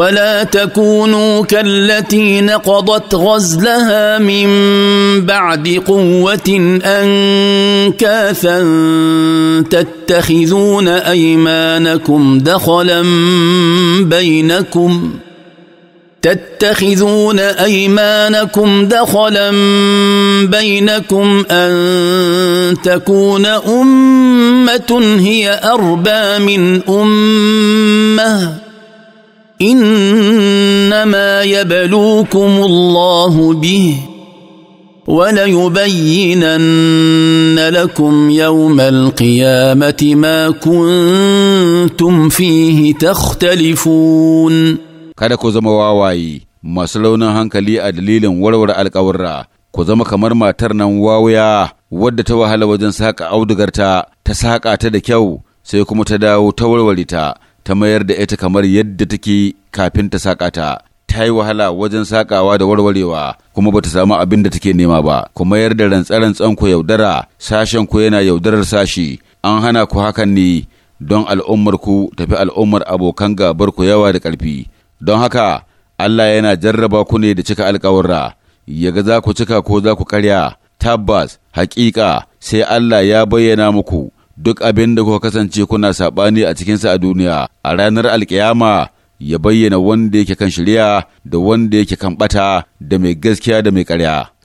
ولا تكونوا كالتي نقضت غزلها من بعد قوه انكاثا تتخذون ايمانكم دخلا بينكم تتخذون ايمانكم دخلا بينكم ان تكون امه هي اربى من امه انما يبلوكم الله به وليبينن لكم يوم القيامه ما كنتم فيه تختلفون kada ku zama wawaye masu launin hankali a dalilin warware alkawarra ku zama kamar matar nan wawuya wadda ta wahala wajen saƙa audugarta ta saƙa ta da kyau sai kuma ta dawo ta warware ta ta mayar da ita kamar yadda take kafin ta saka ta ta yi wahala wajen sakawa da warwarewa kuma bata samu abin da take nema ba ku mayar da rantsa ku yaudara sashen ku yana yaudarar sashi an hana ku hakan ne don al'ummar ku tafi al'ummar abokan gabar ku yawa da ƙarfi don haka Allah yana jarraba ku ne da cika alƙawarra yaga za ku cika ko za ku karya tabbas Haƙiƙa. sai Allah ya bayyana muku duk abin da kuka kasance kuna saɓani a cikinsa a duniya a ranar alkiyama ya bayyana wanda yake kan shirya da wanda yake kan ɓata da mai gaskiya da mai karya.